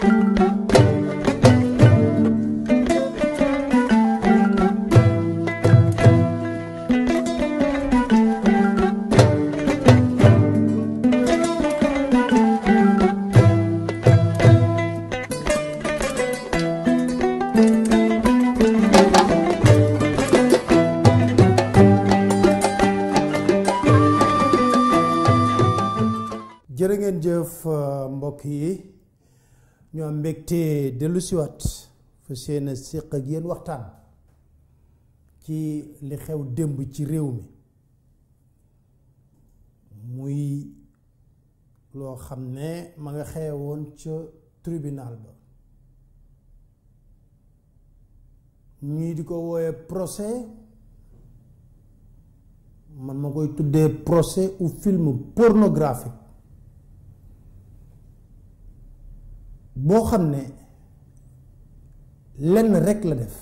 thank you ñoo am mbégte dellu siwaat fa séq ak yéen waxtaan ci li xew démb ci réew mi muy loo xam ne ma nga xewoon ca tribunal ba ñii di ko wooye procès man ma koy tuddee procès u film pornographique boo xam ne lenn rekk la def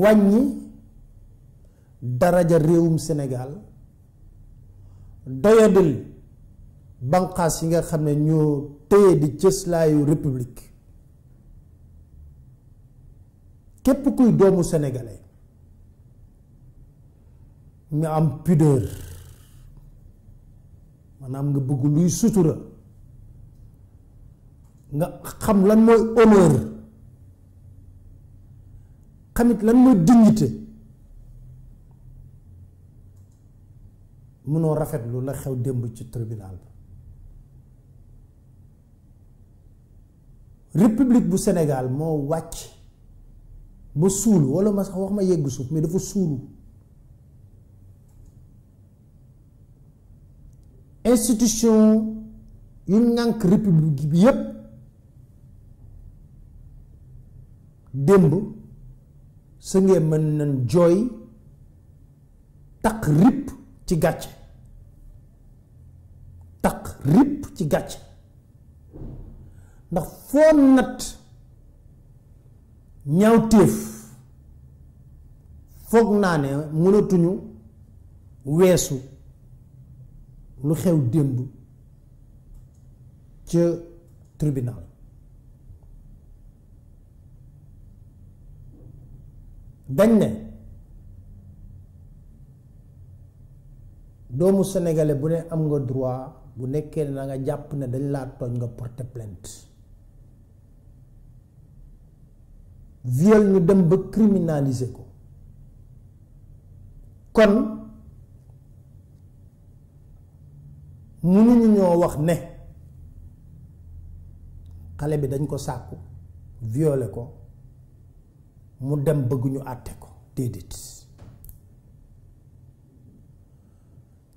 wàññi daraja réewum Sénégal doyadil bànqaas yi nga xam ne ñoo téye di cëslaayu république képp kuy doomu sénégalais nga am pudeur maanaam nga bëgg luy sutura nga xam lan mooy honneur xamit lan mooy dignité mënoo rafetlu la xew démb ci tribunal bi république bu Sénégal moo wàcc ba suulu walla ma sax wax ma yegg suuf mais dafa suulu institution yu nànk république bi yépp démb sa ngee mën nañ jooy taq ripp ci gàcce taq ripp ci gàcce ndax foo nat ñaaw téef foog naa ne mënatuñu weesu lu xew démb ca tribunal dañ ne doomu sénégalais bu ne am nga droit bu nekkee ne na nga jàpp ne dañ laa tooñ nga porter plainte viol ñu dem ba criminaliser ko kon mënuñu ñoo wax ne xale bi dañ ko sàkku violé ko mu dem bëgguñu àtte ko déedéet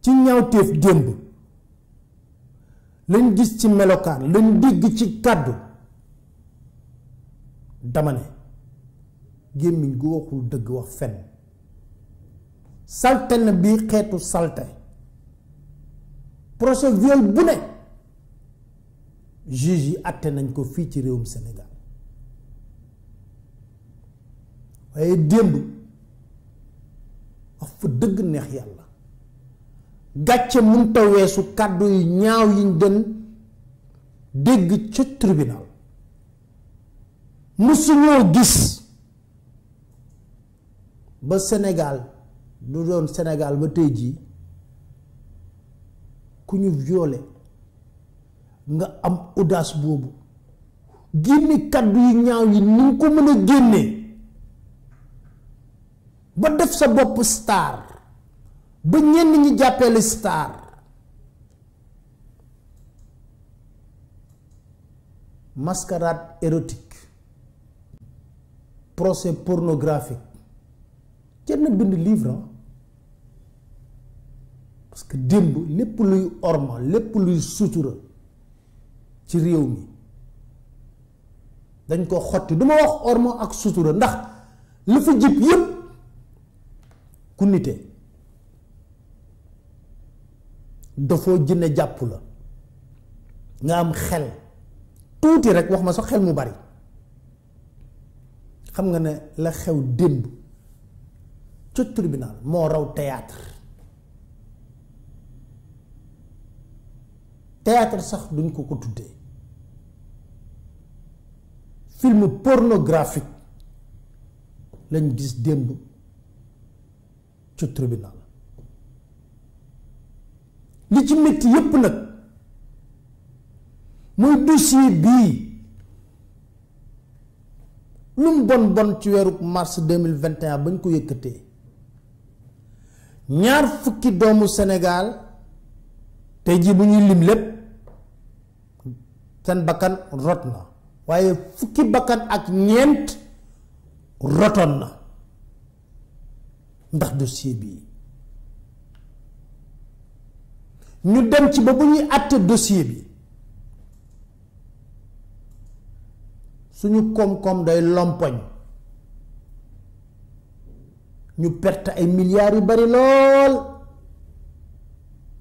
ci ñaawteef démb lañ gis ci melokaan lañ dégg ci kàddu dama ne gémmiñ gu waxul dëgg wax fenn salte na bii xeetu salte procès viol bu ne juge yi àtte nañ ko fii ci réewum Sénégal waaye démb wax fa dëgg neex yàlla gàcce mun weesu kàddu yu ñaaw yiñ den dégg ca tribunal musuñoo gis ba senegaal du doon Sénégal ba tey jii ku ñu violé nga am odaas boobu génne kàddu yu ñaaw yi ni nga ko mën a génnee ba def sa bopp star ba ñenn ñi jàppee la star mascarade érotique procès pornographique kenn bind livre ah. parce que démb lépp luy orma lépp luy sutura ci réew mi dañ ko xotti duma wax orma ak sutura ndax lu fi jib yépp ku dafoo jënne jàpp la nga am xel tuuti rek wax ma sa xel mu bari xam nga ne la xew démb ca tribunal moo raw théâtre théâtre sax duñ ko ko tuddee film pornographique lañ gis démb ci tribunal li ci métti yépp nag mooy dossier bii lu mu bon bon ci weeru mars deux mille vingt et ba ñu ko yëkkatee ñaar fukki doomu senegaal te jii bu ñuy lim lépp seen bakkan rot na waaye fukki bakkan ak ñeent rotoon na ndax dossier bii ñu dem ci ba bu ñuy àtte dossier bi suñu koom-koom day lompoñ ñu perte ay milliards yu bari lool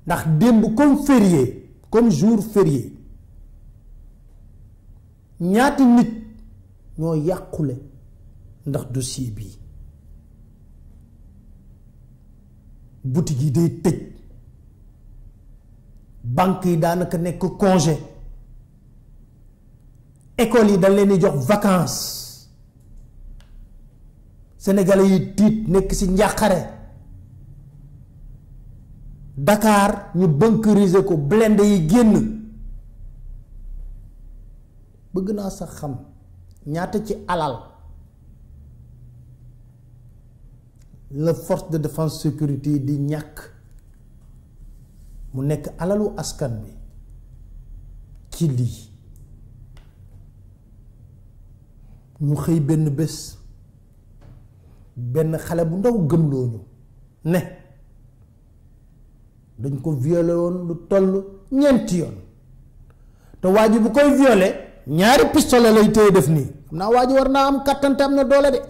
ndax démb comme férié comme jour férié ñaati nit ñoo yàqule ndax dossier bii boutique yi day tëj banque yi daanaka nekk congé école yi dañ leen di jox vacances sénégalais yi tiit nekk ci njàqare dakaar ñu bunkeriser ko blindé yi génn bëgg naa sax xam ñaata ci alal la force de défense sécurité di ñàkk mu nekk alalu askan bi ci lii ñu xëy benn bés benn xale bu ndaw gëmloo ñu ne dañ ko violé woon lu toll ñeenti yoon te waa ji bu koy violé ñaari pistolet lay téye def nii xam naa waa war naa am kàttante am na doole de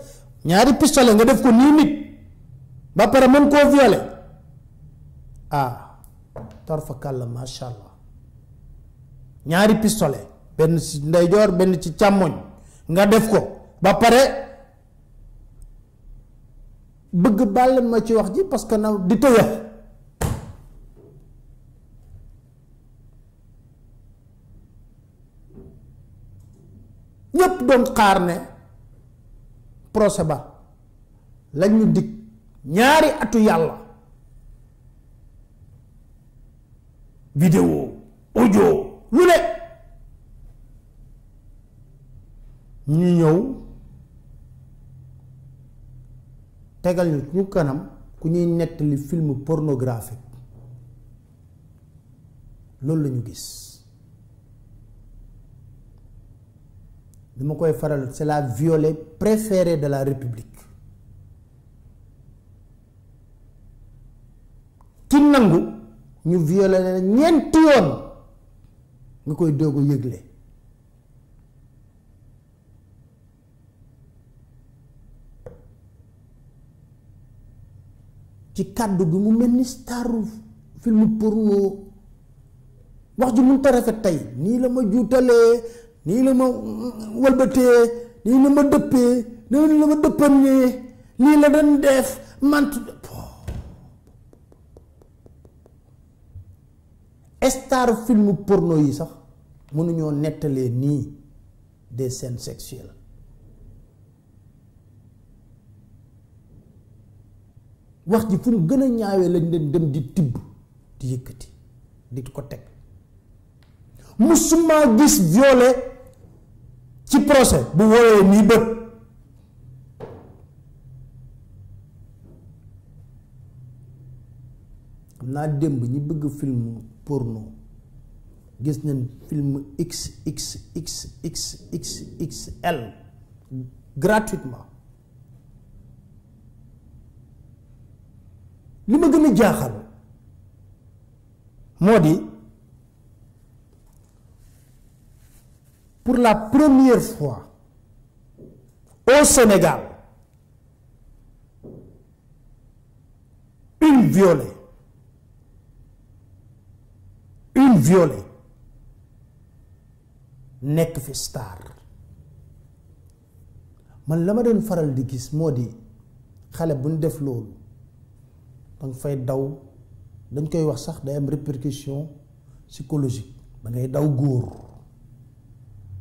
ñaari pistolet nga def ko nii nit ba pare mën koo violer ah torfa kàlla macha allah ñaari pistolet benn si ndeyjoor benn ci càmmoñ nga def ko ba pare bëgg bàll ma ci wax ji parce que na di tëye ñépp doon xaar ne procès ba lañu dikk ñaari atu yàlla vidéo audio lu ne ñu ñëw tegal ñu ñu kanam ku ñuy nettali film pornographique loolu lañu gis li koy faral c'est la violée préférée de la république ki nangu ñu violé ñeenti yoon nga koy doog a yëgle ci kàddu gi mu mel ni staru filmu porno wax ji mun ta rafet tey nii la ma juutalee nii la ma walbatee nii la ma dëppee nii la ma dëppanee nii la doon def mant star film porno yi sax mënuñoo nettalee nii de scènes sexuelles wax ji fu mu gën a ñaawee lañ leen dem di tibb di yëkkati di ko teg musuma gis violé ci procès bu woowee nii bët xam naa démb ñi bëgg film porno gis nañ film XXXXXL gratuitement li ma gën a jaaxal moo di pour la première fois au Sénégal une violée une violée nekk fi star man la ma doon faral di gis moo di xale bu ñu def loolu danga fay daw dañ koy wax sax day am répercussion psychologique da ngay daw góor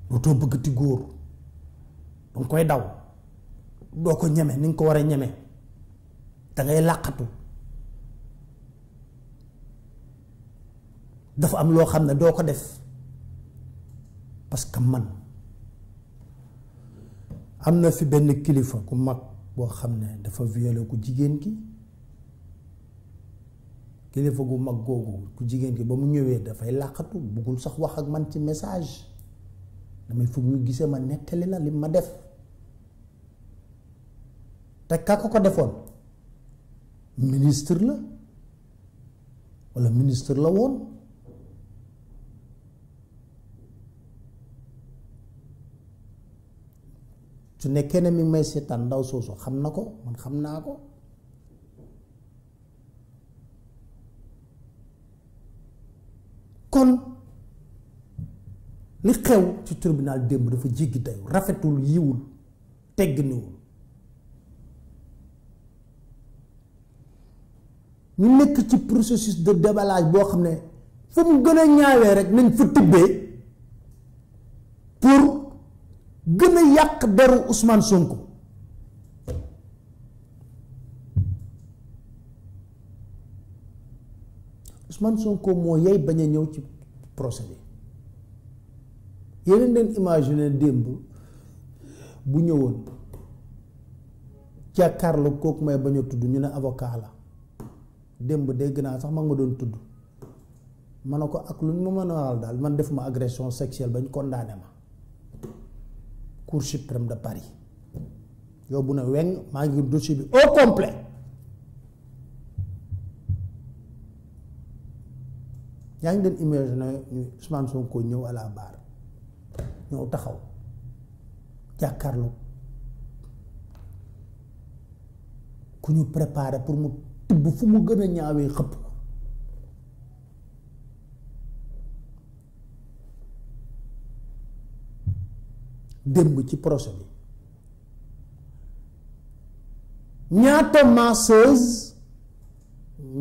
dootoo bëggati góor danga koy daw doo ko ñeme ni nga ko war a ñeme dangay làqatu dafa am loo xam ne doo ko def parce que man am na fi benn kilifa ku mag boo xam ne dafa viole ku jigéen ki kilifa gu mag googu ku jigéen ki ba mu ñëwee dafay làqatu bëggul sax wax ak man ci message damay foog ñu gisee ma nettali la li ma def te ka ko defoon ministre la walla ministre la woon su nekkee ne mi ngi may seetaan ndaw soosoo xam na ko man xam naa ko kon li xew ci tribunal démb dafa jéggi dayu rafetul yiwul tegginiwul ñu nekk ci processus de déballage boo xam ne fu mu gën a ñaawee rek nañ fa tibbee pour gën a yàq deru Ousmane Sonko Ousmane Sonko moo yey bañ a ñëw ci procès bi yeneen leen imaginer démb bu ñëwoon jàkkaarloo kooku may bañ a tudd ñu ne avocat la démb dégg naa sax mag ma doon tudd ma ne ko ak lu ñu ma mën a waral daal man defuma ma agression sexuelle bañ kon condamné ma cour suprême de Paris yóbbu na weng maa ngi dossier bi au complet yaa ngi leen imaginer ñu Ousmane Sonko ñëw à la taxaw jàkkaarlu ku ñu préparé pour mu tibb fu mu gën ñaawee xëpp démb ci procès bi ñaata masseuse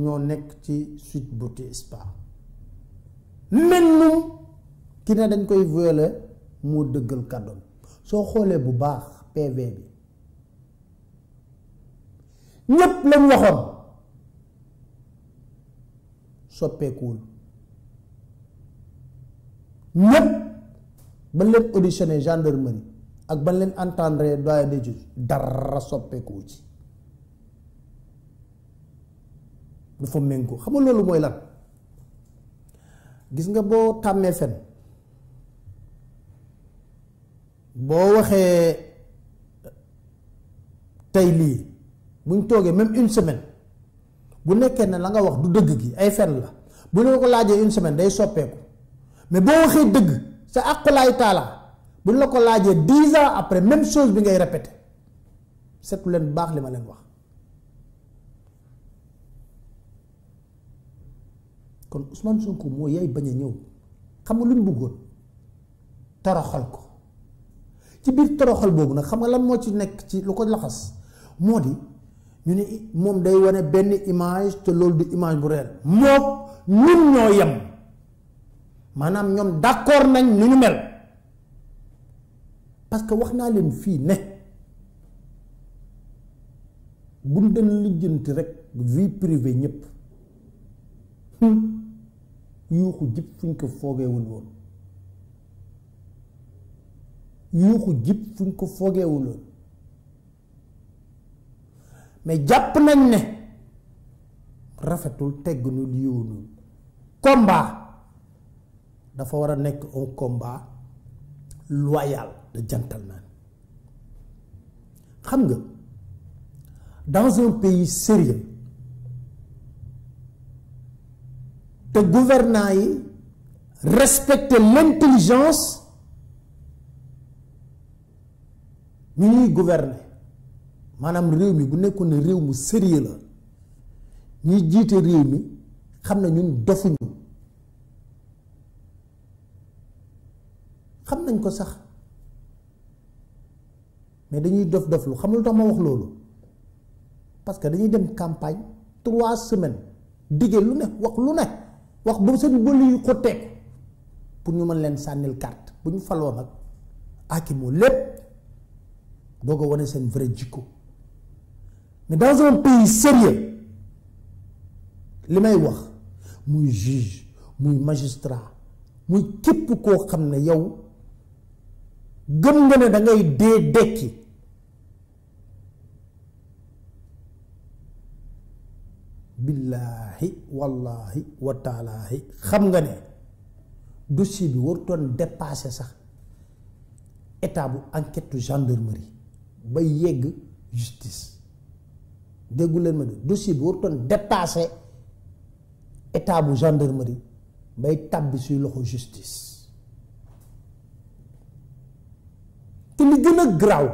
ñoo nekk ci Sweet Beauty Spa mennum ki ne dañ koy violer moo dëggal kàddoom soo xoolee bu baax PV bi ñépp lañ waxoon soppeekuwul ñépp ba leen auditionné gendarmerie ak ban leen entendre doyen des juges dara soppeeku ci dafa méngoo xam nga loolu mooy lan gis nga boo tàmmee fen boo waxee tey lii buñ toogee même une semaine bu nekkee ne la nga wax du dëgg gi ay fen la bu ñu ko laajee une semaine day soppeeku mais boo waxee dëgg sa àqulaay taalaa bu ñu la ko laajee dix ans après même chose bi ngay répété seetlu leen baax li ma leen wax kon Ousmane Sonko moo yaay bañ a ñëw xam nga lu ñu bëggoon toroxal ko ci biir toroxal boobu nag xam nga lan moo ci nekk ci lu ko laxas moo di ñu ne moom day wane benn image te loolu du image bu réel moom ñun ñoo yem maanaam ñoom d'accord nañ nu ñu mel parce que wax naa leen fii ne buñ dañ lijjanti rek vie privée ñëpp hmm. yuuxu jib fuñ ko foogeewul woon yuuxu jib fuñ ko foogeewul mais jàpp nañ ne rafetul tegg nu liiwu dafa war a nekk un combat loyal de gentleman xam nga dans un pays sérieux te gouvernants yi respecte l'intelligence ñu ñuy gouverner maanaam réew mi bu nekkoon ne réew mu sérieux la ñuy jiite réew mi xam na ñun dofuñu xam nañ ko sax mais dañuy def def lu xamul tax ma wax loolu parce que dañuy dem campagne trois semaine dige lu ne wax lu ne wax ba seen bëli yu xotteeku pour ñu mën leen sànnil carte bu ñu faloo nag aki lépp doo ko wanee seen vrai jikko mais dans un pays sérieux li may wax muy juge muy magistrat muy képp koo xam ne yow gëm nga ne da ngay dee dekki billaahi wallaahi wataalaahi xam nga ne dossier bi warutoon dépassé sax état bu enquête gendarmerie ba yegg justice déggu leen ma de dossier bi warutoon dépassé état bu gendarmerie bay tàbbi suy loxo justice te li gën a garaaw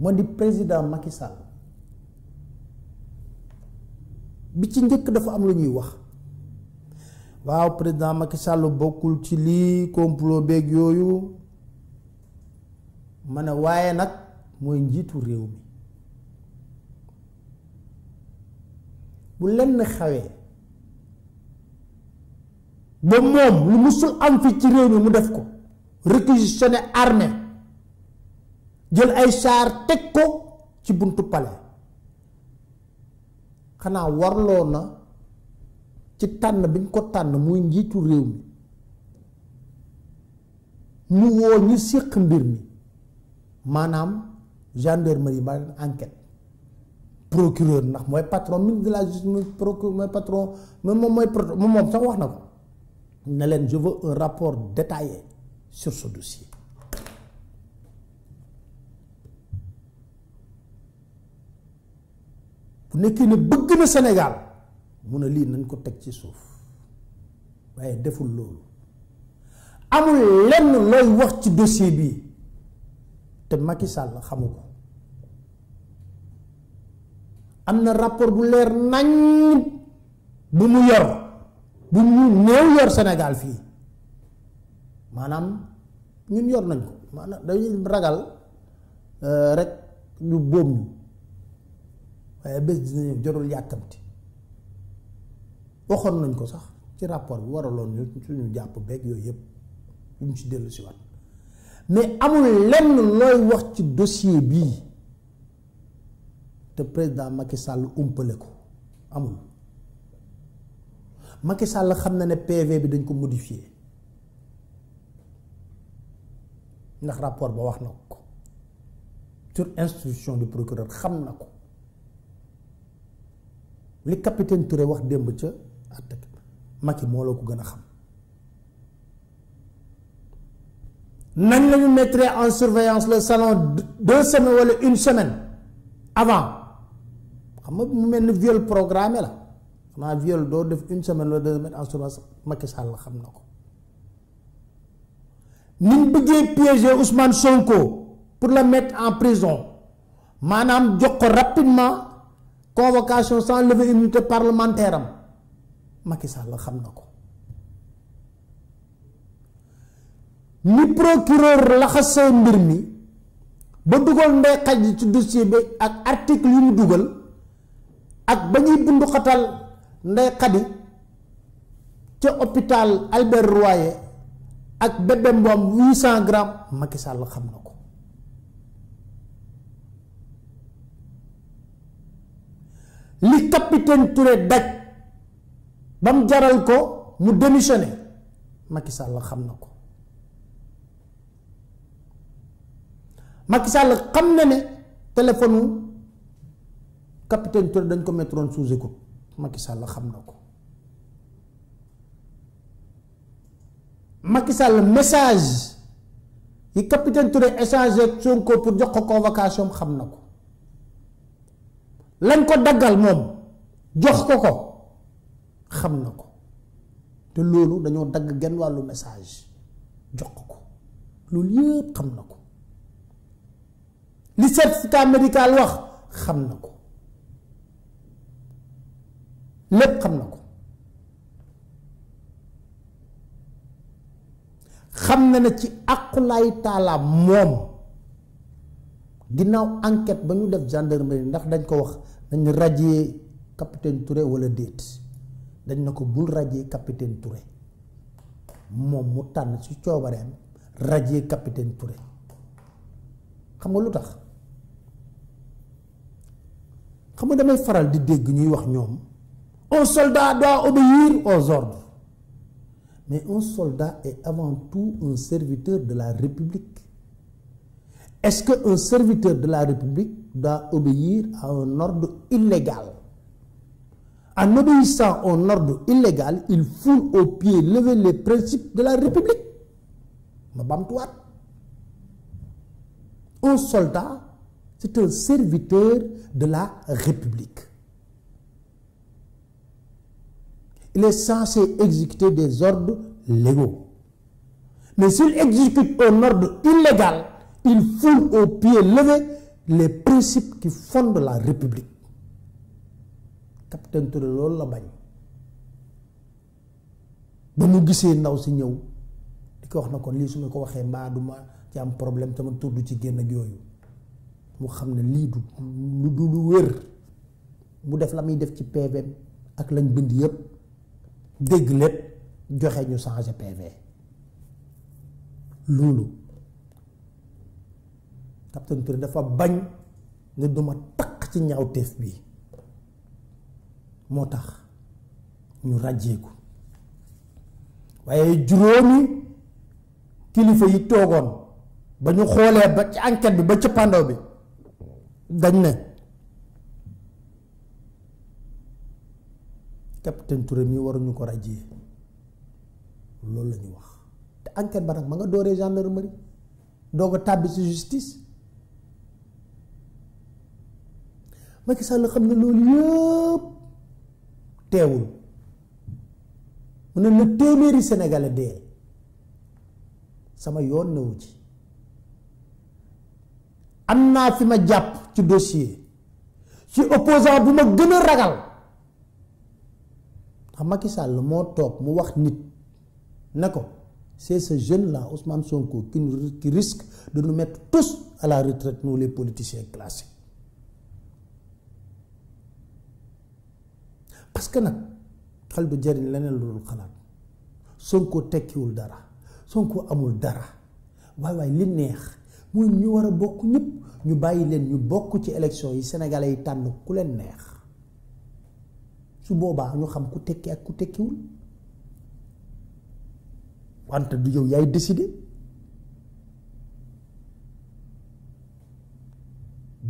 moo di président Macky Sall bi ci njëkk dafa am lu ñuy wax waaw président Macky Sall bokkul ci lii complot beeg yooyu mane waaye nag mooy njiitu réew mi bu lenn xawee ba moom lu musul am fi ci réew mi mu def ko réquisitionné armée jël ay saar teg ko ci buntu palais xanaa warloo na ci tànn biñ ko tànn muy njiitu réew mi mu woo ñu séq mbir mi maanaam gendarmerie ba enquête procureur ndax mooy patron ministre de la mooy patron moom mooy moom sax wax na ko na leen je veux un rapport détaillé sur ce dossier. bu nekkee ne bëgg na Sénégal mu ne lii nañ ko teg ci suuf waaye deful loolu amul lenn looy wax ci dossier bi te Macky Sall xamu ko am na rapport bu leer nañ bu mu yor bu mu néew yor Sénégal fii maanaam ñun yor nañ ko maanaam dañuy ragal euh, rek ñu bóom ñu waaye bés dinañu jorul yàkkamti waxoon nañ ko sax ci rapport bi waraloon ñu suñu jàpp beeg yooyu yëpp ñu ci dellu si waat mais amul lenn looy wax ci dossier bii te président Macky Sall umpale ko amul Macky xam na ne PV bi dañ ko modifié ndax rapport ba wax na ko sur instruction du procureur xam na ko li capitaine Touré wax démb ca àtte Macky moo la ko gën a xam nañ lañu ñu mettre en surveillance la salon deux semaines wala une semaine avant xam nga mu mel ni viol programmé la xanaa viol doo def une semaine wala deux semaines en surveillance Macky Sall xam na ko ni ñu bëggee piéger Ousmane Sonko pour le mettre en prison maanaam jox ko rapidement convocation sans lever immunité parlementaire am Macky la xam na ko ni procureur laxasee mbir mi ba dugal ndey xaj ci dossier bi ak article yu mu dugal ak ba ñuy bundu xatal ndey xadi ca hôpital Albert Royer ak bébé mboom 800 grammes Macky Sall xam na ko li capitaine Touré daj ba mu jaral ko mu démissionné Macky Sall xam na ko Macky Sall xam na ne téléphone capitaine Touré dañ ko mettroon sous ko Macky Sall xam na ko. Macky Sall message yi capitaine Touré échangé ak Sonko pour jox ko convocation xam na ko lañ ko daggal moom jox ko ko xam na ko te loolu dañoo dagg genn wàllu message jox ko ko loolu yëpp xam na ko li certificat médical wax xam na ko lépp xam na ko. xam na ne ci aqulaay taala moom ginnaaw enquête ba ñu def gendarmerie ndax dañ ko wax dañu radier capitaine Touré wala déet dañ na ko bul radier capitaine Touré moom mu tànn ci coobareem radier capitaine Touré xam nga lu tax xam nga damay faral di dégg ñuy wax ñoom un soldat doit obéir aux ordres Mais un soldat est avant tout un serviteur de la République. Est-ce qu'un serviteur de la République doit obéir à un ordre illégal En obéissant un ordre illégal, il foule aux pieds lever les principes de la République. Un soldat, c'est un serviteur de la République. il est censé exécuter des ordres légaux. Mais s'il exécute un ordre illégal, il foule au pied levé les principes qui fondent la République. Capitaine Touré loolu la bañ ba mu gisee ndaw si ñëw di ko wax na ko lii su ma ko waxee mbaa du ma ci am problème sama tur du ci génn ak yooyu mu xam ne lii du du lu wér mu def la muy def ci PVM ak lañ bind yépp dégg lépp joxe ñu changé PV loolu capitaine Touré dafa bañ ne duma takk ci ñaawteef bi moo tax ñu ràjjeeku waaye juróomi kilifa yi toogoon ba ñu xoolee ba ci enquête bi ba ci pàndaw bi dañ na capitaine Touré mi waruñu ko radier loolu la ñu wax te enquête ba nag ma nga dooree gendarmerie doog a tàbbi ci justice Macky Sall xam ne loolu yëpp teewul mu ne na téeméeri sénégalais dee sama yoon newu ci am naa fi ma jàpp ci dossier ci opposant bu ma gën a ragal xam Macky Sall moo toog mu wax nit ne ko c'est ce jeune là Ousmane Sonko qui nous qui risque de nous tous à la retraite nous les politiciens classiques parce que nag xel du jariñ leneen lu dul xalaat Sonko tekkiwul dara Sonko amul dara waaye waaye li neex mooy ñu war a bokk ñëpp ñu bàyyi leen ñu bokk ci élection yi sénégalais yi tànn ku leen neex. su boobaa ñu xam ku tekki ak ku tekkiwul wante du yow yaay décider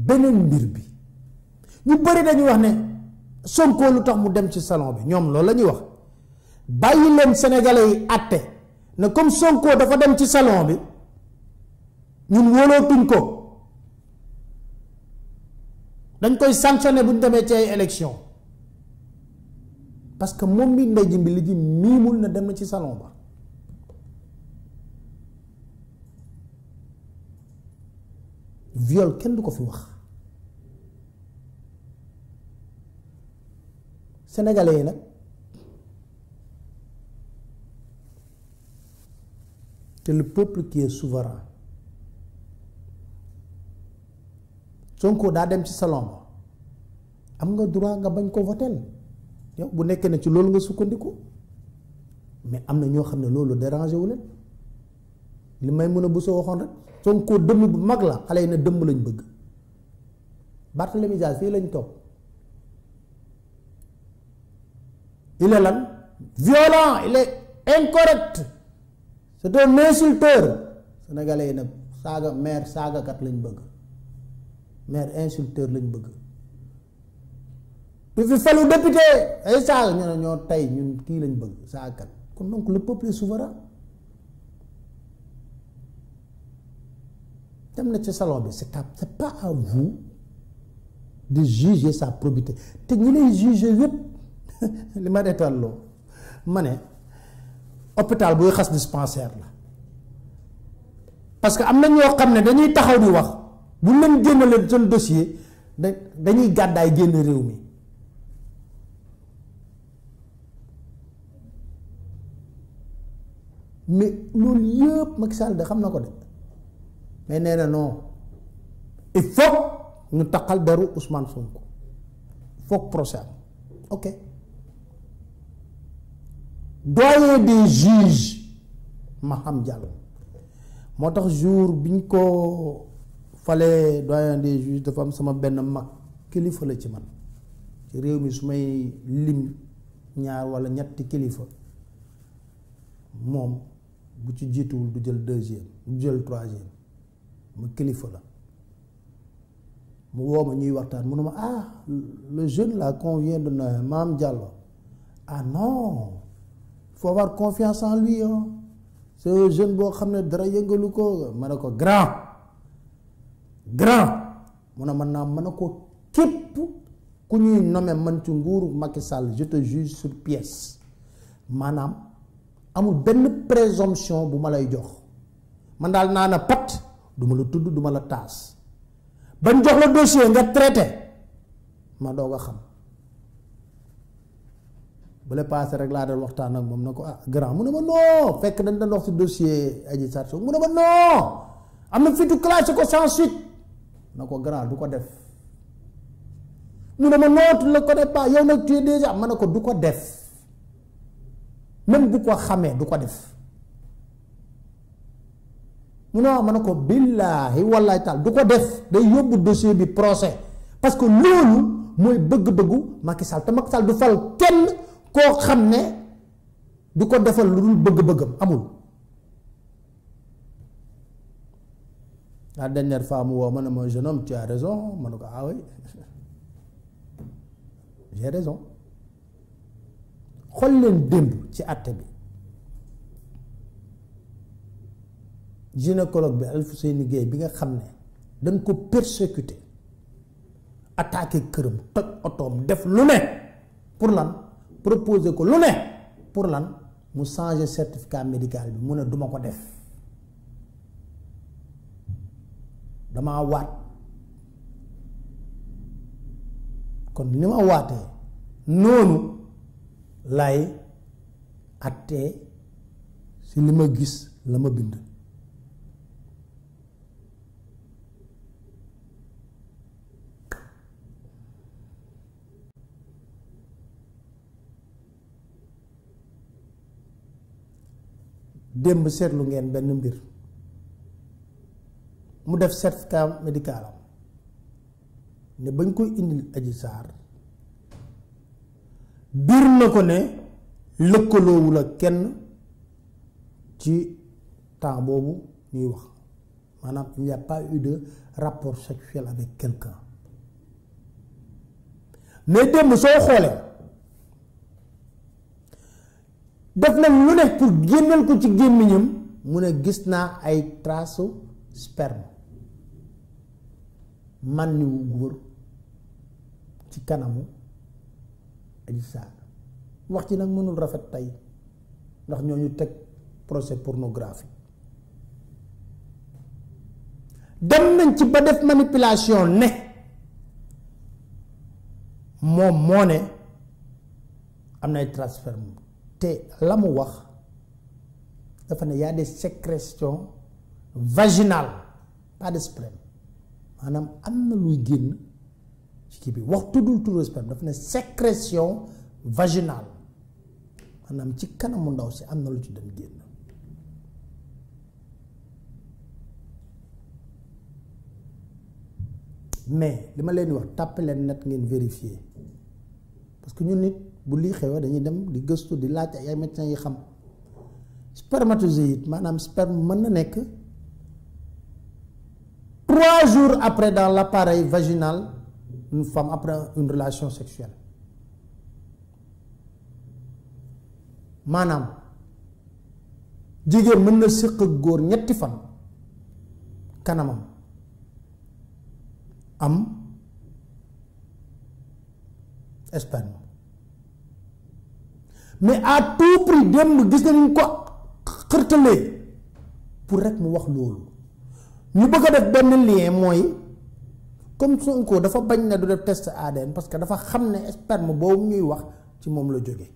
beneen mbir bi ñu bëri dañuy wax ne Sonko lu tax mu dem ci salon bi ñoom loolu la ñuy wax bàyyi leen sénégalais yi àtte na comme Sonko dafa dem ci salon bi ñun wóolootuñ ko dañ koy sanctionné bu ñu demee ci ay élection parce que moom mi ndey jimbi li ji miimul na dem na ci salon ba viol kenn du ko fi wax sénégalais yi nag te le peuple qui est Sonko daa dem ci salon ba am nga droit nga bañ ko votel yow bu nekkee na ci loolu nga sukkandiku mais am na ñoo xam ne loolu dérangé wu leen li may mun a bu soo waxoon rek Sonko dëmm bu mag la xale yi ne dëmm lañ bëgg Barthélemy Dias fii lañ toog il est lan violent il est incorrect su un insulteur sénégalais yi nag saaga maire saagakat lañ bëgg maire insulteur lañ bëgg ñu fi falu député ay saaga ñu ne ñoo tey ñu kii lañu bëgg saagakat kon donc le peuple est dem na ci salon bi c'est à c'est pas à vous de juger sa probité te ñi lay juger yëpp li ma deetal loo ma ne hôpital buy xas dispensaire la parce que am na ñoo xam ne dañuy taxaw di wax bu leen génn leen seen dossier dañuy gàddaay génn réew mi mais loolu yëpp Macky Sall da xam na ko de mais nee na non il faut ñu taqal deru Ousmane ko foog procès am ok doyen des juges Maham Diallo moo tax jour bi ñu ko falee doyen des juges dafa am sama benn mag kilifa la ci man ci réew mi su may lim ñaar walla ñetti kilifa moom bu ci jiituwul du jël deuxième du jël troisième ma kilifa la mu woo ma ñuy waxtaan mu ma ah le jeune là qu'on vient de nommer Mame Diallo ah non il faut avoir confiance en lui hein c'est jeune boo xam ne dara yëngalu ko ma ne ko grand grand mu ne man naa mën a ko képp ku ñuy nommer man ci nguuru Macky Sall je te juge sur pièce maanaam. amul benn présomption bu ma lay jox man daal naa na pat du ma la tudd du ma la taas bañ jox la dossier nga traité ma doo a xam bu la paase rek laa doon waxtaan ak moom na ko ah grand mu ne ma non fekk dañ doon wax si dossier Adji Sarr mu ne ma non am na fitu classé ko sans suite na ko grand du ko def mu ne ma non tu ne le connais pas yow nag tu déjà ma ne ko du ko def. même bu ko xamee du ko def mu ne waaw ma ne ko billaahi wallaay taal du ko def day yóbbu dossier bi procès parce que loolu mooy bëgg-bëggu Macky Sall te Macky Sall du fal kenn koo xam ne du ko defal lu dul bëgg-bëggam amul la dernière fois mu woo ma ne ma jeune homme tu as raison ma ne ko ah oui xool leen démb ci àtte bi gynécologue bi Alfousseyni Gaye bi nga xam ne dañ ko persécuté attaqué këram toj otoom def lu ne pour lan proposé ko lu ne pour lan mu changé certificat médical bi mu ne duma ko def damaa waat kon ni ma waatee noonu lay attee si li ma gis la ma bind démb seetlu ngeen benn mbir mu def certificat médical am ne bañ koy indi aji saar biir na ko ne lëkkaloowul ak kenn ci temps boobu ñuy wax maanaam il n'y a pas eu de rapport sexuel avec quelqu'un mais démb soo xoolee def nañ lu ne pour génnal ko ci gémmiñam mu ne gis naa ay trasu sperme man ni wu góor ci kanamu Adji wax ci nag mënul rafet tey ndax ñooñu teg procès pornographique dem nañ ci ba def manipulation ne moom moo ne am na ay transfert moom te la mu wax dafa ne y a des sécrétions vaginales pas de sperme maanaam am na luy génn ci kii bi wax tuddul turu sperme dafa ne sécrétion vaginale maanaam ci kanamu ndaw si am na lu ci dem génn mais li ma leen di wax tàpp leen net ngeen vérifier parce que ñun nit bu lii xewee dañuy dem di gëstu di laaj ay médecins yi xam spermatozoïde maanaam sperme mën na nekk trois jours après dans l'appareil vaginal une après une relation sexuelle maanaam jigéen mën na séq ak góor ñetti fan kanamam am sperme mais à tout prix démb gis nañu ko xërtalee pour rek mu wax loolu ñu bëgg a def benn lien mooy comme Sonko dafa bañ ne du def test ADN parce que dafa xam ne sperme boobu ñuy wax ci moom la jóge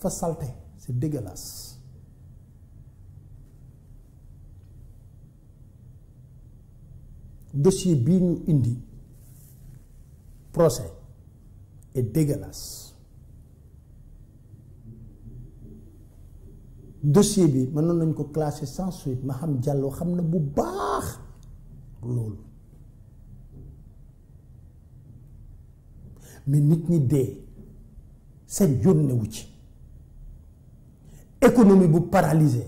fa salte c'est dégueulasse dossier bii ñu indi procès est dégueulasse dossier bi mënoon nañ ko classé sans suite ma xam Diallo xam na bu baax loolu mais nit ñi dee seen yoon newu ci économie bu paralysé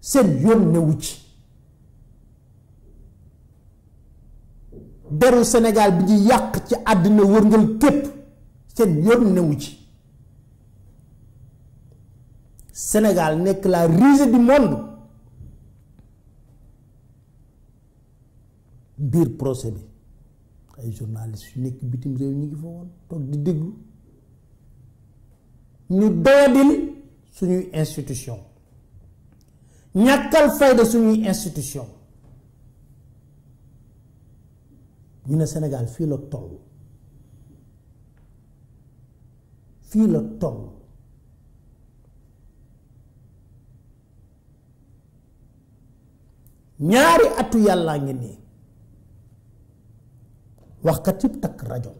seen yoon newu ci deru Sénégal bi ñu yàq ci àddina wërngal képp seen yoon newu ci Sénégal nekk la risée du monde biir procès bi ay journaliste yu nekk bitim réew ñu ngi fa woon toog di déglu ñu doyadil suñuy institution ñàkkal fayda suñuy institution ñu ne Sénégal fii la toll fii la toll ñaari atu yàllaa ngi nii waxkat yëpp takk rajo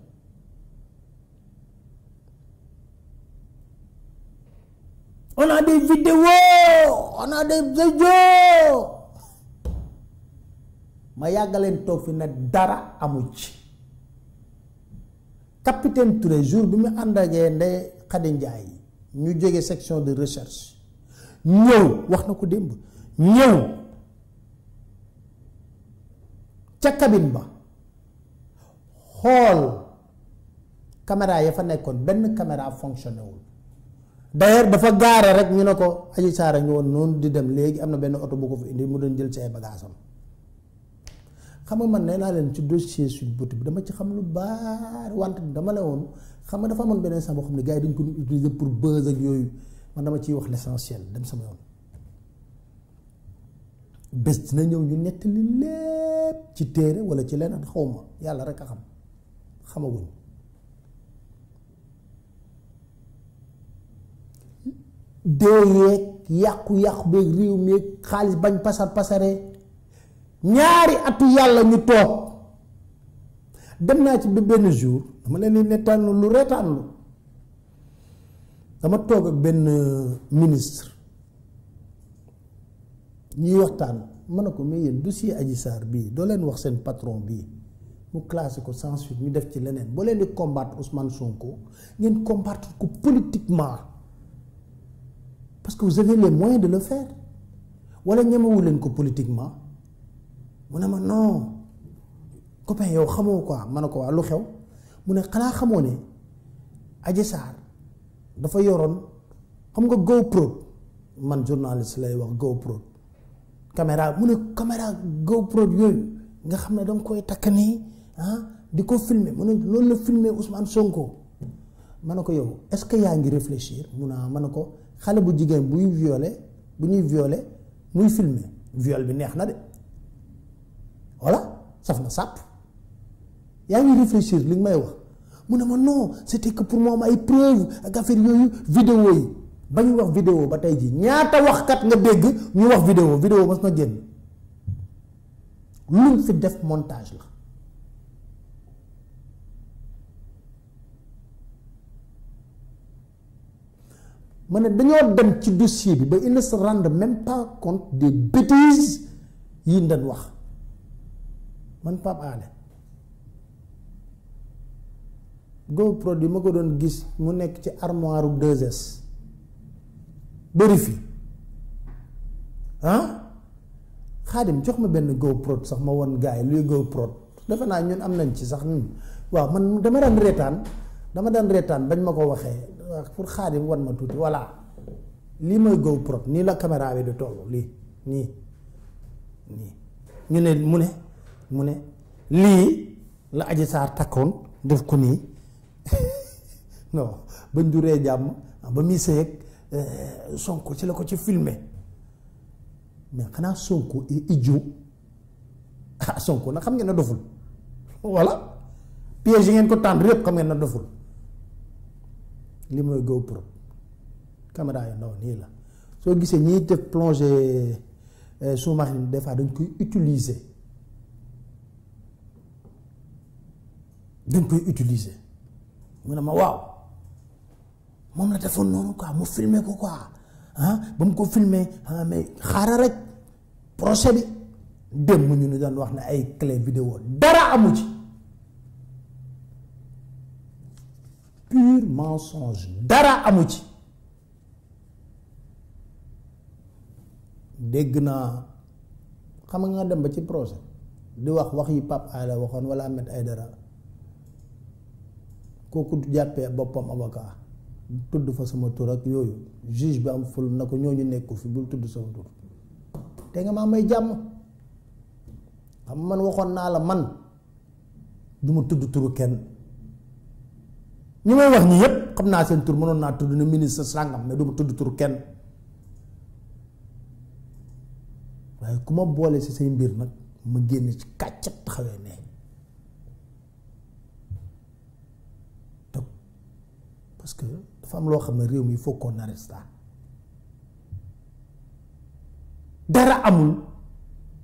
on a des vidéos on a ma yàggaleen toog fi ne dara amu ci capitaine Touré jour bi mu ànd ak Ndeye Khady ñu jóge section de recherche ñëw wax na ko démb ñëw ca cabine ba xool caméra ya fa nekkoon benn caméra fonctionné wul d'ailleurs fa gaare rek ñu ne ko Adji Sarr a woon noonu di dem léegi am na benn oto bu ko fi indi mu doon jël ci ay bagaasam xam nga man nee naa leen ci dossier Sweet Beauté bi dama ci xam lu baar want dama ne woon xam nga dafa amoon beneen sax boo xam ne gars yi dañ ko doon utiliser pour buzz ak yooyu man dama ciy wax l'essentiel dem sama yoon. bés dina ñëw ñu nettali lépp ci téere wala ci leneen xaw ma yàlla rek a xam xamaguñ dee yeeg yàqu-yàqu beeg réew meeg xaalis bañ pasar pasaree ñaari atu yàlla ñu toog dem naa ci ba benn jour dama leen di nettaan lu reetaan lu dama toog ak benn ministre ñuy waxtaan mën na ko mais yéen dossier Adji bii doo leen wax seen patron bii mu classé ko sans suite ñu def ci leneen boo leen di combattre Ousmane Sonko ngeen combattre ko politiquement parce que vous avez les moyens de le faire wala ñemewu leen ko politiquement mu ne ma non copain yow xamoo quoi man ne ko waa lu xew mu ne xanaa xamoo ne Adji Sarr dafa yoroon xam nga GoPro man journaliste lay wax GoPro. caméra mu ne caméra produ yooyu nga xam ne danga koy takk nii ah di ko filmer mu ne loolu la filmer Ousmane Sonko ma na ko yow est-ce que yaa ngi réfléchir mun ne ah, man na ko xale bu jigéen buy violé bu ñuy violé muy filme viol bi neex na de voilà saf na sàpp yaa ngi réfléchir li nga may wax mu ne ma non c'était que pour moom ay preuve ak affaire yooyu vidéo yi bañ wax vidéo ba tey jii ñaata waxkat nga dégg ñu wax vidéo vidéo mas na génn luñ fi def montage la ma ne dañoo dem ci dossier bi ba ils ne se rendent même pas compte des bêtises yi ndan wax man Pape Alé GoPro bi ma ko doon gis mu nekk ci armoire 2S bëri fi ah xaadim jox ma benn GoPro sax ma won gars yi luy GoPro defe naa ñun am nañ ci sax ñun waaw man dama daan reetaan dama daan reetaan bañ ma ko waxee pour xaadim wan ma tuuti voilà lii mooy GoPro nii la caméra bi di toll lii nii nii ñu ne mu ne mu ne lii la Adji Sarr takkoon def ko nii non bañ du ree jàmm ba muy sëyeeg Eh, Sonko ci la ko ci filme mais xanaa Sonko et ah Sonko nag xam ngeen ne doful voilà piège yi ngeen ko tànn yëpp xam ngeen na doful li mooy GoPro caméra yu ndaw nii la soo gisee ñiy te plongée eh, sous-marine des fois dañ koy utiliser dañ koy utiliser mu ne ma waaw. moom na defoon noonu quoi mu filmer ko quoi ah ba mu ko filmer ah mais xaaral rek procès bi dem ñu ni doon wax ne ay clé vidéo dara amu ci pur mensonge dara amu ci dégg naa xam nga dem ba ci projet di wax wax yi Pape Alé waxoon wala ay dara kooku du jàppee boppam avocat tudd fa sama tur ak yooyu juge bi am ful na ko ñooñu nekku fi bul tudd sama tur te nga maa may jàmm xam man waxoon naa la man du ma tudd turu kenn ñu may wax ñi yépp xam naa seen tur mënoon naa tudd ne ministre sàngam mais du ma tudd turu kenn waaye ku ma boole si say mbir nag ma génn ci kàccat taxawee ne parce que dafa am loo xam ne réew mi il faut qu'on arrête ça dara amul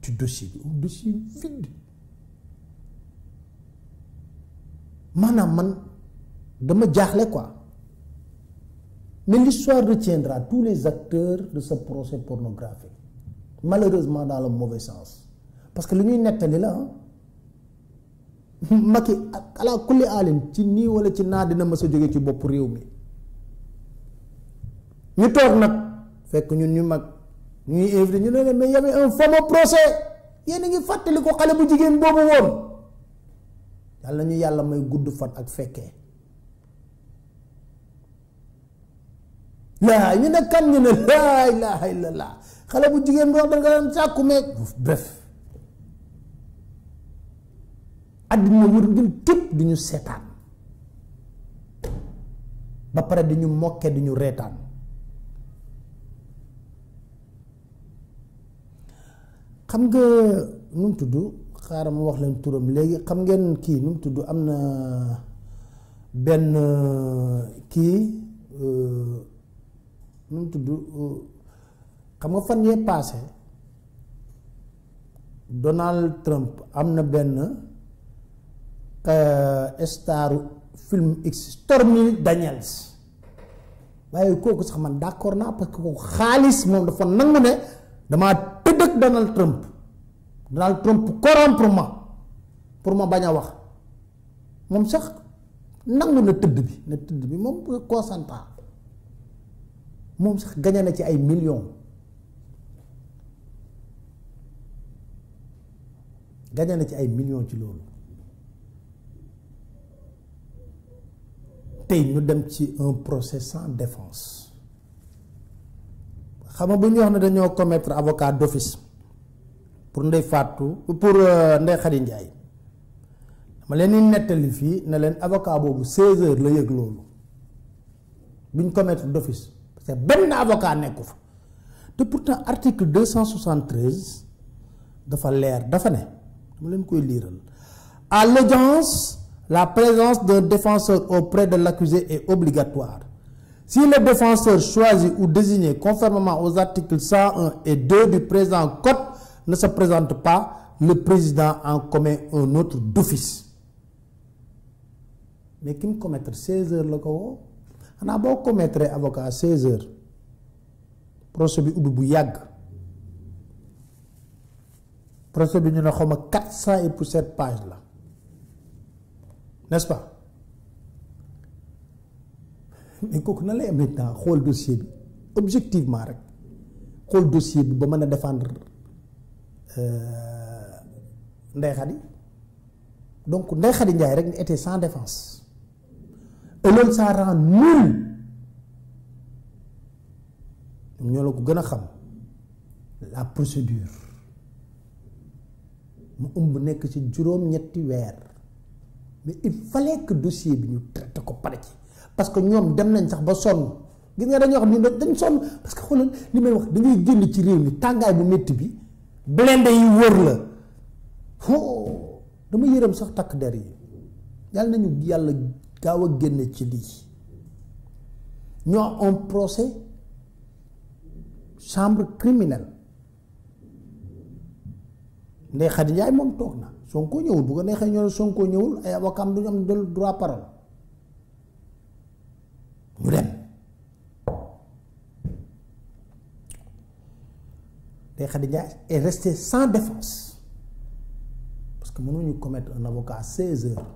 ci dossier bi un dossier vide maanaam man dama jaaxle quoi mais de retiendra tous les acteurs de sa projet pornographique malheureusement dans le mauvais sens parce que li ñuy nettali la Macky ala kulli alin ci nii wala ci naa dina mës a jóge ci bopp réew mi ñu toog nag fekk ñun ñu mag ñuy invité ñu ne leen mais y avait un fameux procès yéen a ngi fàttali ko xale bu jigéen boobu woon yàlla ñu yàlla may gudd fat ak fekkee laa ñu ne kan ñu ne laa xale bu jigéen boo xam nga daan sàkku meeg bref àddina wërngël tépp di ñu seetaan ba pare di ñu mokke di ñu reetaan xam nga nu mu tudd xaaral ma wax leen turam léegi xam ngeen kii nu mu tudd am na benn euh, kii euh, mu tudd xam nga fan yee paase Donald Trump am na benn euh, staru film X Stormy Daniels waaye kooku sax man d'accord naa parce que kooku xaalis moom dafa nangu ne damaa que dëkk Donald Trump Donald Trump corrompre pour ma bañ a wax moom sax nangu na tëdd bi na tëdd bi moom consenta moom sax gañe na ci ay millions gañe na ci ay millions ci loolu tey ñu dem ci un procès sans défense xam nga bu ñu wax ne dañoo commettre avocat d'office pour Ndeye Fatou pour euh, Ndeye Khady Ndiaye dama leen di nettali fii ne leen avocat boobu 16 heures la yëg loolu bu ñu commettre d'office parce que benn avocat nekku fa te pour pourtant article 273 dafa leer dafa ne dama leen koy liiral à l'audience la présence d'un défenseur auprès de l'accusé est obligatoire Si le défenseur choisi ou désigné conformément aux articles 101 et 2 du présent code ne se présente pas, le président en commet un autre d'office. mais ki mu commettre 16 heures la ko woo xanaa boo commettre avocat 16 heures procès bi ubbi bu yàgg procès bi ñu ne xaw ma 400 et poussière page la n'est-ce pas mais kooku na lay amee temps xool dossier bi objectivement rek xool dossier bi ba mën a defendre euh, Ndeye Khady donc Ndeye Khady Ndiaye rek ne était sans défense et loolu ça nul ñoo la ko gën a xam la procédure mu ëmb nekk ci juróom-ñetti weer mais it fallait que dossier bi ñu traité ko pare ci parce que ñoom dem nañ sax ba sonn gis nga dañoo xam ne dañu sonn parce que xoolal li may wax dangay ngay génn ci réew mi tàngaay bu métti bi blindé yi wër la foo dama yërëm sax takk der yi yàlla nañu yàlla gaaw a génn ci lii ñoo un procès chambre criminelle Ndeye Khady Ndiaye moom toog na Sonko ñëwul bu ko neexee ñoo Sonko ñëwul ay avocat du ñu am droit parole mu dem Ndeye Khady Ndiaye est sans défense parce que mënuñu commettre un avocat à seize heures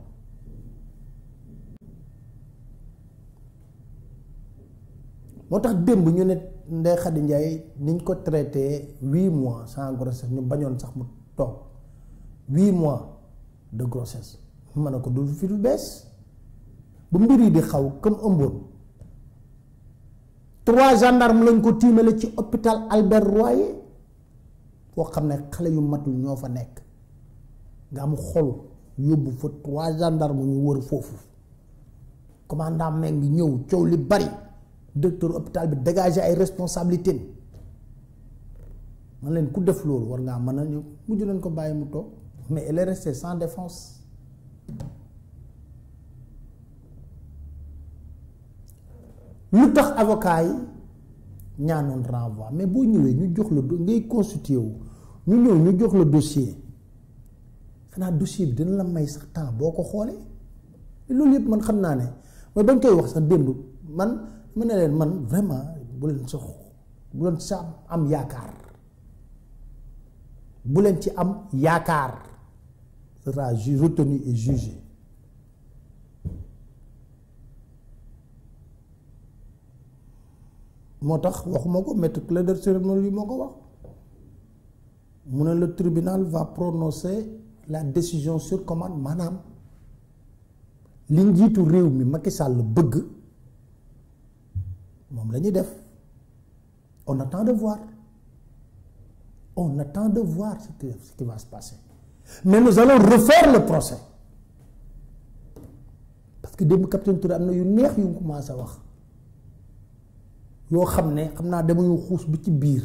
moo tax démb ñu ne Ndeye Khady Ndiaye niñ ko traité huit mois sans grossesse ñu bañoon sax mu toog huit mois de grossesse mën na ko du fi lu bees bu mbir yi di xaw comme ëmboon trois gendarme lañ ko tiimale ci hôpital Albert Royer foo xam ne xale yu matul ñoo fa nekk nga am xol yóbbu fa trois gendarme ñu wër foofu commandant ngi ñëw coow li bari docteur hôpital bi dégagé ay responsabilités man leen ku def loolu war ngaa mën a ñëw mujj nañ ko bàyyi mu toog mais elle est restée sans défense lu tax avocat yi ñaanoon renvoi mais boo ñëwee ñu jox la ngay constitué wu ñu ñëw ñu jox la dossier xanaa dossier bi dina la may sax temps boo ko xoolee loolu yëpp man xam naa ne mooy bañ koy wax sax démb man mu ne leen man vraiment bu leen sax bu leen sax am yaakaar bu leen ci am yaakaar sera retenu et jugé moo tax waxuma ko maître clerc de cérémonie moo ko wax mu ne le tribunal va prononcer la décision sur commande maanaam li njiitu réew mi Macky Sall bëgg moom la ñuy def on attend de voir on attend de voir ce qui ce qui va se passer mais nous allons refaire le procès parce que démb capitaine Touré am na yu neex yu mu commencé wax. yoo xam ne xam naa damañu xuus bi ci biir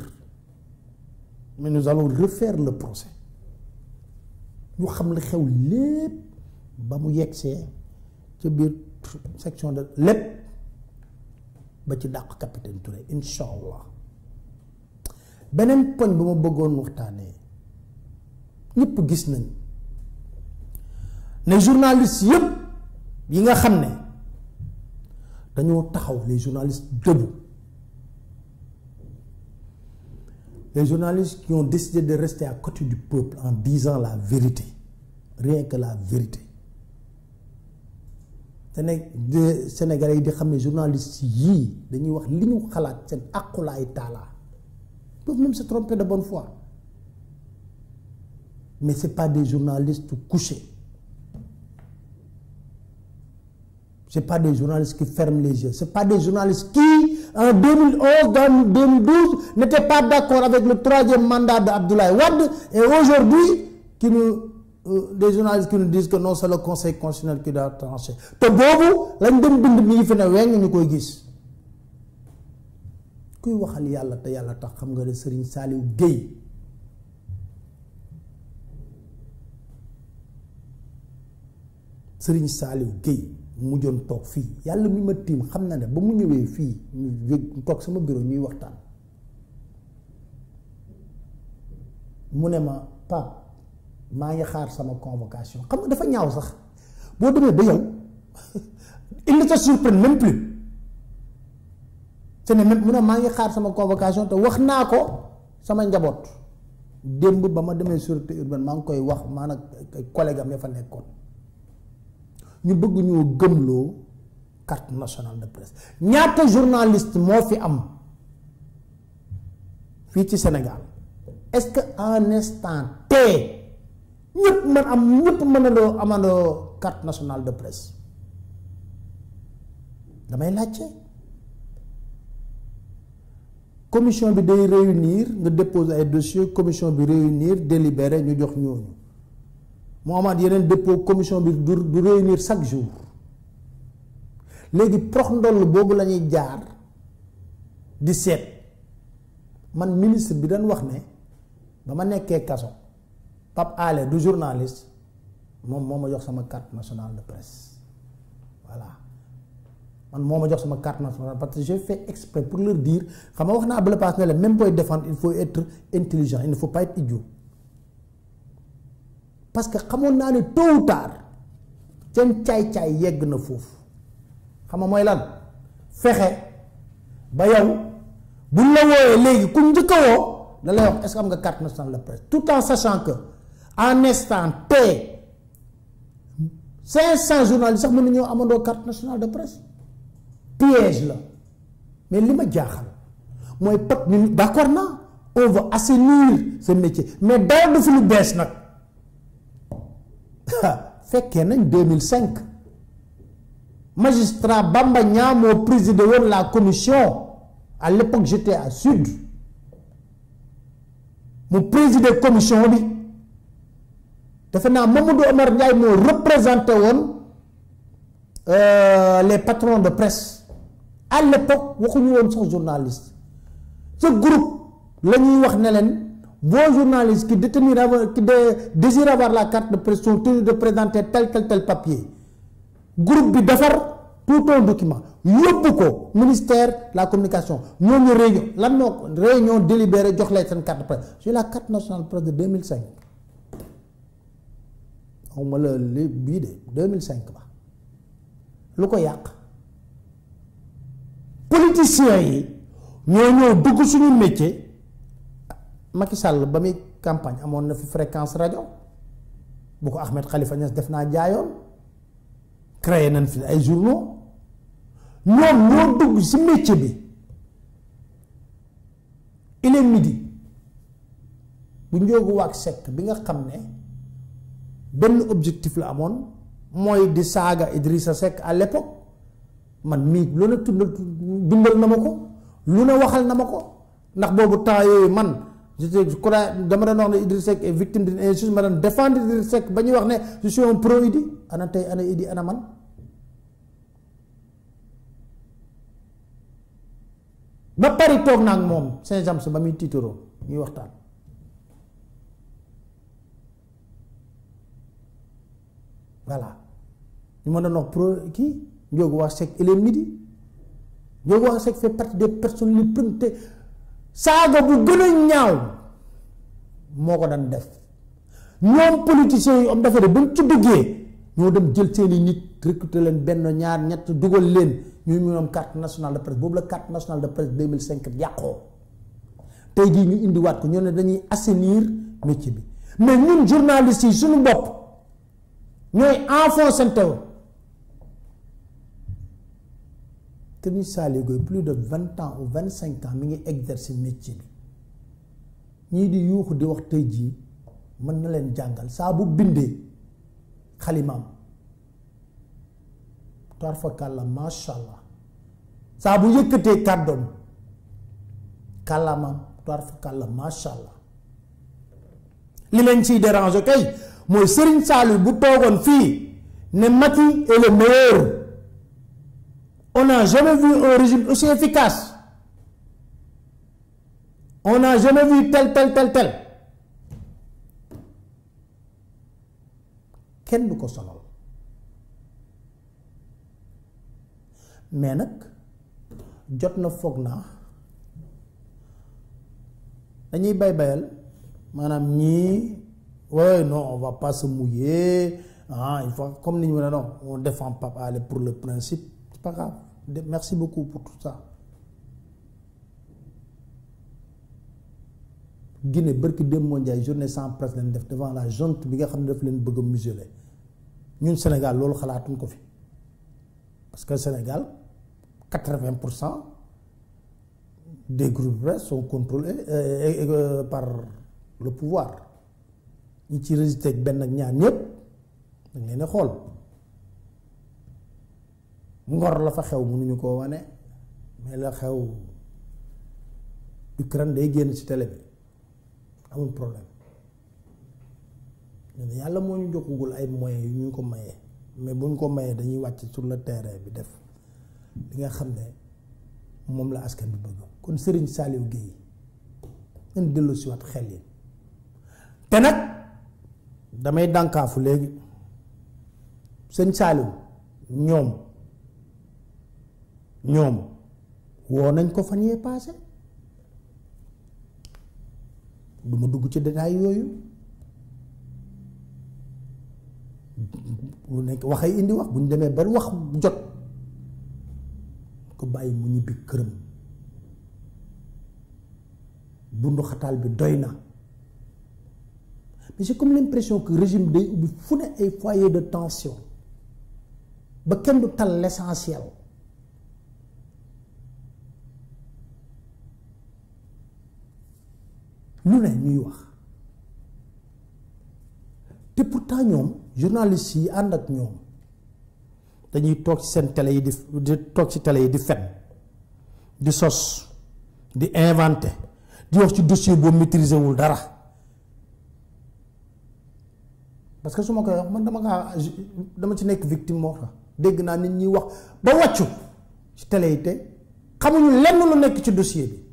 mais nous solo refaire le procès ñu xam la xew lépp ba mu yegsee ca biir section de lépp ba ci dàq capitaine Touré incha allah beneen poñ bu ma bëggoon waxtaanee ñëpp gis nañ ne journalistes yëpp yi nga xam ne dañoo taxaw les journalistes debout les journalistes qui ont décidé de rester à côté du peuple en disant la vérité rien que la vérité te yi di xam ne journalistes yii dañuy wax li ñu xalaat seen aqulaay taala peuvent même se tromper de bonne foi mais c'est pas des journalistes couchés c'est pas de journalistes qui ferment les yeux c'est pas des journalistes qui en 2011, dans 2012, n'étaient pas d'accord avec le troisième mandat d'Abdoulaye Wade. Et aujourd'hui, qui nous des euh, journalistes qui nous disent que non c'est conseil constitutionnel qui doit trancher te boobu lañ dem bind mi ngi fi ne weng ñu koy gis kuy waxal yàlla te yàlla tax xam nga ne Serigne Saliou Guèye Serigne Saliou Guèye mu joon toog fii yàlla mi ma tiim xam na ne ba mu ñëwee fii ñu toog sama bureau ñuy waxtaan mu ne ma Pape maa ngi xaar sama convocation xam nga dafa ñaaw sax boo demee ba yow il ne te surprend même plus te ne mu ne maa ngi xaar sama convocation te wax naa ko sama njaboot démb ba ma demee sûreté urbaine maa ngi koy wax maanaam collègue am ya fa nekkoon. ñu bëgg ñoo gëmloo carte nationale de presse ñaata journaliste moo fi am fii ci Sénégal est-ce que en instant T ñëpp mën am ñëpp mën a carte nationale de presse damay laajte commission bi day réunir nga déposer ay dossiers commission bi réunir délibéré ñu jox ñooñu mu amaat yeneen déppo commission bi du du réunir chaque jour léegi prox ndoll boobu la ñuy jaar di seet man ministre bi dañ wax ne ba ma nekkee kaso Pape Alé du journaliste moom moo ma jox sama carte nationale de presse voilà man moo ma jox sama carte nationale parce que j'ai fait exprès pour leur dire xam nga wax naa ba le passé ne la même il faut être intelligent il ne faut pas être parce que xamoon naa ne tôt ou tard seen caay-caay yegg na foofu xam nga mooy lan fexe ba yow bu la wooyee léegi ku njëkk a woo da lay wax est-ce que am en sachant que en instant T cinq cent journalistes sax mën na ñoo amandoo carte nationale de presse piège la mais li ma jaaxal mooy pat ni d'accord naa on va assainir ce métier mais dara du lu bees nag Ah, fekkee nañ 2005 magistrat Bamba Niang moo présidé woon la commission à l'époque j'étais à Sud mu présidé commission bi defe naa Mamadou Omar Ndiaye moo représenté woon euh, les patrons de presse à l'époque waxuñu woon sax journaliste ce groupe la wax ne vos journalistes qui, détenir, qui désirent avoir la carte de presse sont de présenter tel tel tel papier groupe bi defar tout un document yóbbu ko ministère la communication ñooñu réunion lan moo ko réunion délibéré jox leen seen carte de presse la carte nationale presse de 2005 xaw ma la li bii de lu ko yàq politiciens yi ñoo ñëw dugg suñu métier. Macky Sall ba muy campagne amoon na fi fréquence rajo bu ko Ahmed Khalifa Niass def naa jaayoon créé nañ fi ay journaux ñoom ñoo dugg ci métier bi il est midi bu njóogu waak sekk bi nga xam ne benn objectif la amoon mooy di saaga Idrissa Seck à l'époque man mii lu ne tuddal dundal na ma ko lu ne waxal na ma ko ndax boobu temps yooyu man je crois dama doon wax ne Idrissa Seck est victime d'une injustice ma doon défendre Idrissa ba ñuy wax ne je suis un pro Idi ana tey ana Idi ana man ba Paris toog naa ak moom Saint-James ba muy tiitaroo ñuy waxtaan voilà ñu ma doon wax pro kii Ndiogou Wa Seck il est midi Ndiogou Wa Seck fait partie des personnes les plus saaga bu gën a ñaaw moo ko daan def ñoom politiciens yi am dafa de ba ñu ci duggee ñoo dem jël seeni nit recruter leen benn ñaar ñett dugal leen ñuy ñoom carte nationale de presse boobu la carte nationale de presse 2005 yàqoo tey jii ñu indiwaat ko ñoo ne dañuy assainir métier bi mais ñun journalistes yi suñu bopp ñooy enfoncé teew Serigne Saliou Gueye plus de vingt ans ou vingt cinq ans mi ngi exercer métier bi ñii di yuuxu di wax tey jii mën na leen jàngal saa bu bindee xalimaam tarfakàlla macha allah saa bu yëkkatee kàddoom kàllaamaam tarfakàlla macha allah li leen ciy déranger kay mooy Serigne Saliou bu toogoon fii ne Macky est on n'a jamais vu un régime aussi efficace on n'a jamais vu tel tel tel kenn du ko sonal mais nag jot na foog naa dañuy bay bayal maanaam ñii ouais non on va pas se ah il faut comme ni ñu ne non on défend pas aller pour le principe pas grave merci beaucoup pour tout ça Guinée bërki démb moo njaay journée sans presse lañ def devant la junte bi nga xam ne daf leen bëgg a muselé ñun Sénégal loolu xalaatuñ ko fi parce que Sénégal quatre-vingts pour cent des groupes presse sont contrôlés euh, euh, par le pouvoir ñi ci résister benn ak ñaar ñëpp dañ leen a xool ngor la fa xew mu mënuñu ko wane mais la xew Ukraine day génn ci télé bi amul problème ñun yàlla moo ñu joxugul ay moyens yu ñu ko mayee mais buñ ko mayee dañuy wàcc sur le terrain bi def li nga xam ne moom la askan bi bëgg kon Serigne Saliou Guèye ngeen dellu si wat xel yi te nag damay dànkaafu léegi sëñ Saliou ñoom ñoom woo nañ ko fan yee paase du dugg ci détail yooyu bu nekk waxee indi wax bu ñu demee ba wax jot ko bàyyi mu ñibbi këram bundu bi doy na mais j'ai comme l'impression que régime day ubbi fu ne ay foyer de tension ba kenn du tal l'essentiel lu ne ñuy wax te pourtant ñoom journalistes yi ànd ak ñoom dañuy toog ci seen tele yi di toog ci télé yi di fen di sos di inventé di wax ci dossier boo maîtriser wul dara parce que su ma koy wax man dama kaa dama ci nekk victime moo tax dégg naa nit ñi wax ba wàccu ci télé yi te xamuñu lenn lu nekk ci dossier bi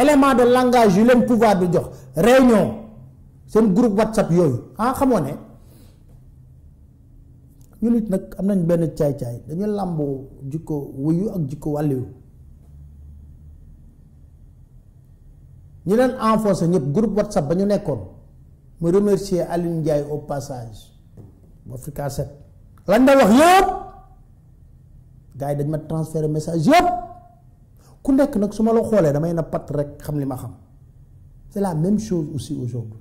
élément de langage yu leen pouvoir bi jox réunion seen groupe whatsapp yooyu ah xamoo ne ñu nit nag am nañ benn caay-caay dañu làmboo jikko wuyu ak jikko wàlliwu ñi leen enfoncé ñëpp groupe whatsapp ba ñu nekkoon mu remercier Alioune Ndiaye au passage bu Africa 7 lañ da wax yëpp gars dañ ma transféré message yëpp ku nekk nag su ma la xoolee damay na pat rek xam li ma xam c'est la même chose aussi aujourd'hui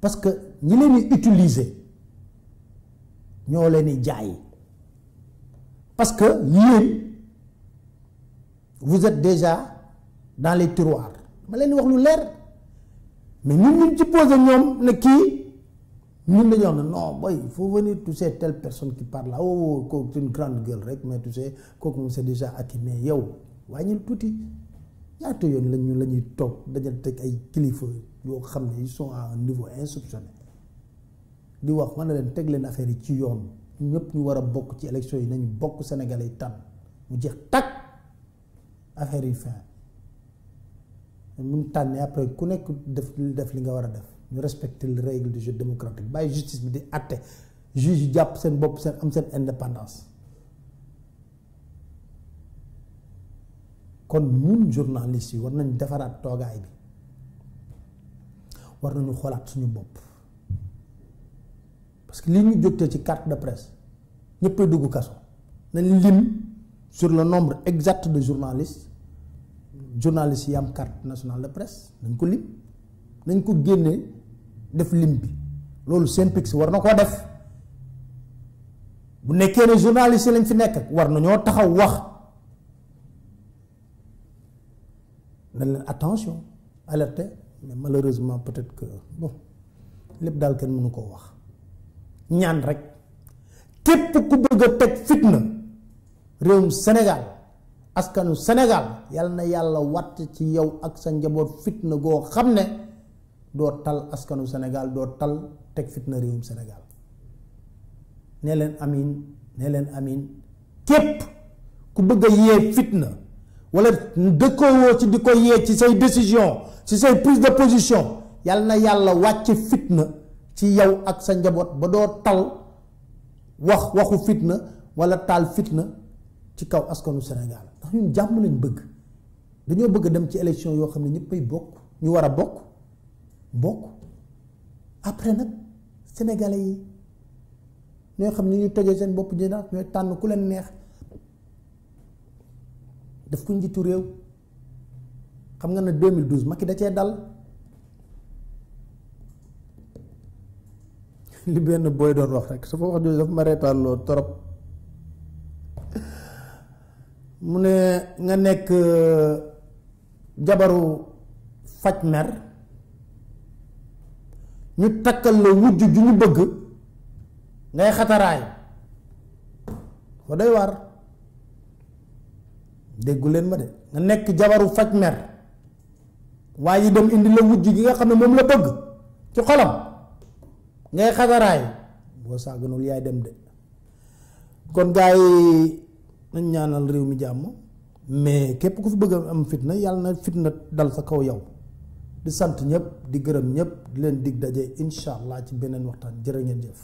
parce que ñi leen di utiliser ñoo leen di jaay parce que yéen vous êtes déjà dans les tiroirs ma leen di wax lu leer mais ñun ñu ci posé ñoom ne kii. ñun dañoo xam ne non boy il faut venir tu sais telle personne qui parle là oh, oh kooku une grande rek mais tu sais kooku moom c'est déjà acquis mais yow wàññil tuuti ñaata yoon la ñu la toog dañu teg ay kilifa yoo xam ne ils sont à un niveau institutionnel di wax mën na leen teg leen affaire yi ci yoon ñëpp ñu war a bokk ci élection yi nañu bokk Sénégalais yi tànn mu jeex tàkk affaire yi fin mu tànnee après ku nekk def def li nga war a def. ñu respecter les règles du jeu démocratique bàyyi justice bi di àtte juge yi jàpp seen bopp seen am seen indépendance kon ñun journalistes yi war nañ defaraat toogaay bi war nañu xoolaat suñu bopp parce que li ñu jógtee ci carte de presse ñëppay dugg kaso nañ lim sur le nombre exact de journalistes journalistes yi am carte nationale de presse nañ ko lim nañ ko génnee def lim bi loolu seen Synpics war na koo def bu nekkee ne journaliste lañ fi nekk war na ñoo taxaw wax na leen attention alerté mais malheureusement peut-être que bon lépp daal kenn mënu koo wax ñaan rek képp ku bëgg a teg fitna réewum Sénégal askanu Sénégal yal na yàlla wàtt ci yow ak sa njaboot fitna goo xam ne doo tal askanu Sénégal doo tal teg fitna réewum senegal nee leen amin nee leen amin képp ku bëgg a yee fitna wala dëkkoowoo ci di ko yee ci say décision ci say prise de position yàlla na yàlla wàcc fitna ci yow ak sa njaboot ba doo tal wax waxu fitna wala taal fitna ci kaw askanu Sénégal ndax ñun jàmm lañ bëgg dañoo bëgg dem ci élection yoo xam ne ñëppay bokk ñu war a bokk bokk après nag sénégalais yi ñoo xam ni ñu tojee seen bopp dina ñooy tànn ku leen neex daf ku njiitu réew xam nga ne ma Macky da cee dal li benn booy doon wax rek su fa wax jooju dafa ma reetaan loolu torop mu ne nga nekk euh, jabaru faj mer ñu takkal la wujj ju ñu bëgg ngay xataraay ba doy waar déggu leen ma de nga nekk jabaru faj mer waaye dem indi la wujj gi nga xam ne moom la bëgg ci xolam ngay xataraay boo sàgganul yaay dem de kon gaa yi nañ ñaanal réew mi jàmm mais képp ku fi bëgg am fitna yàlla na fitna dal sa kaw yow di sant ñëpp di gërëm ñëpp di leen dig dajee incha allah ci beneen waxtaan jërë ngeen jëf.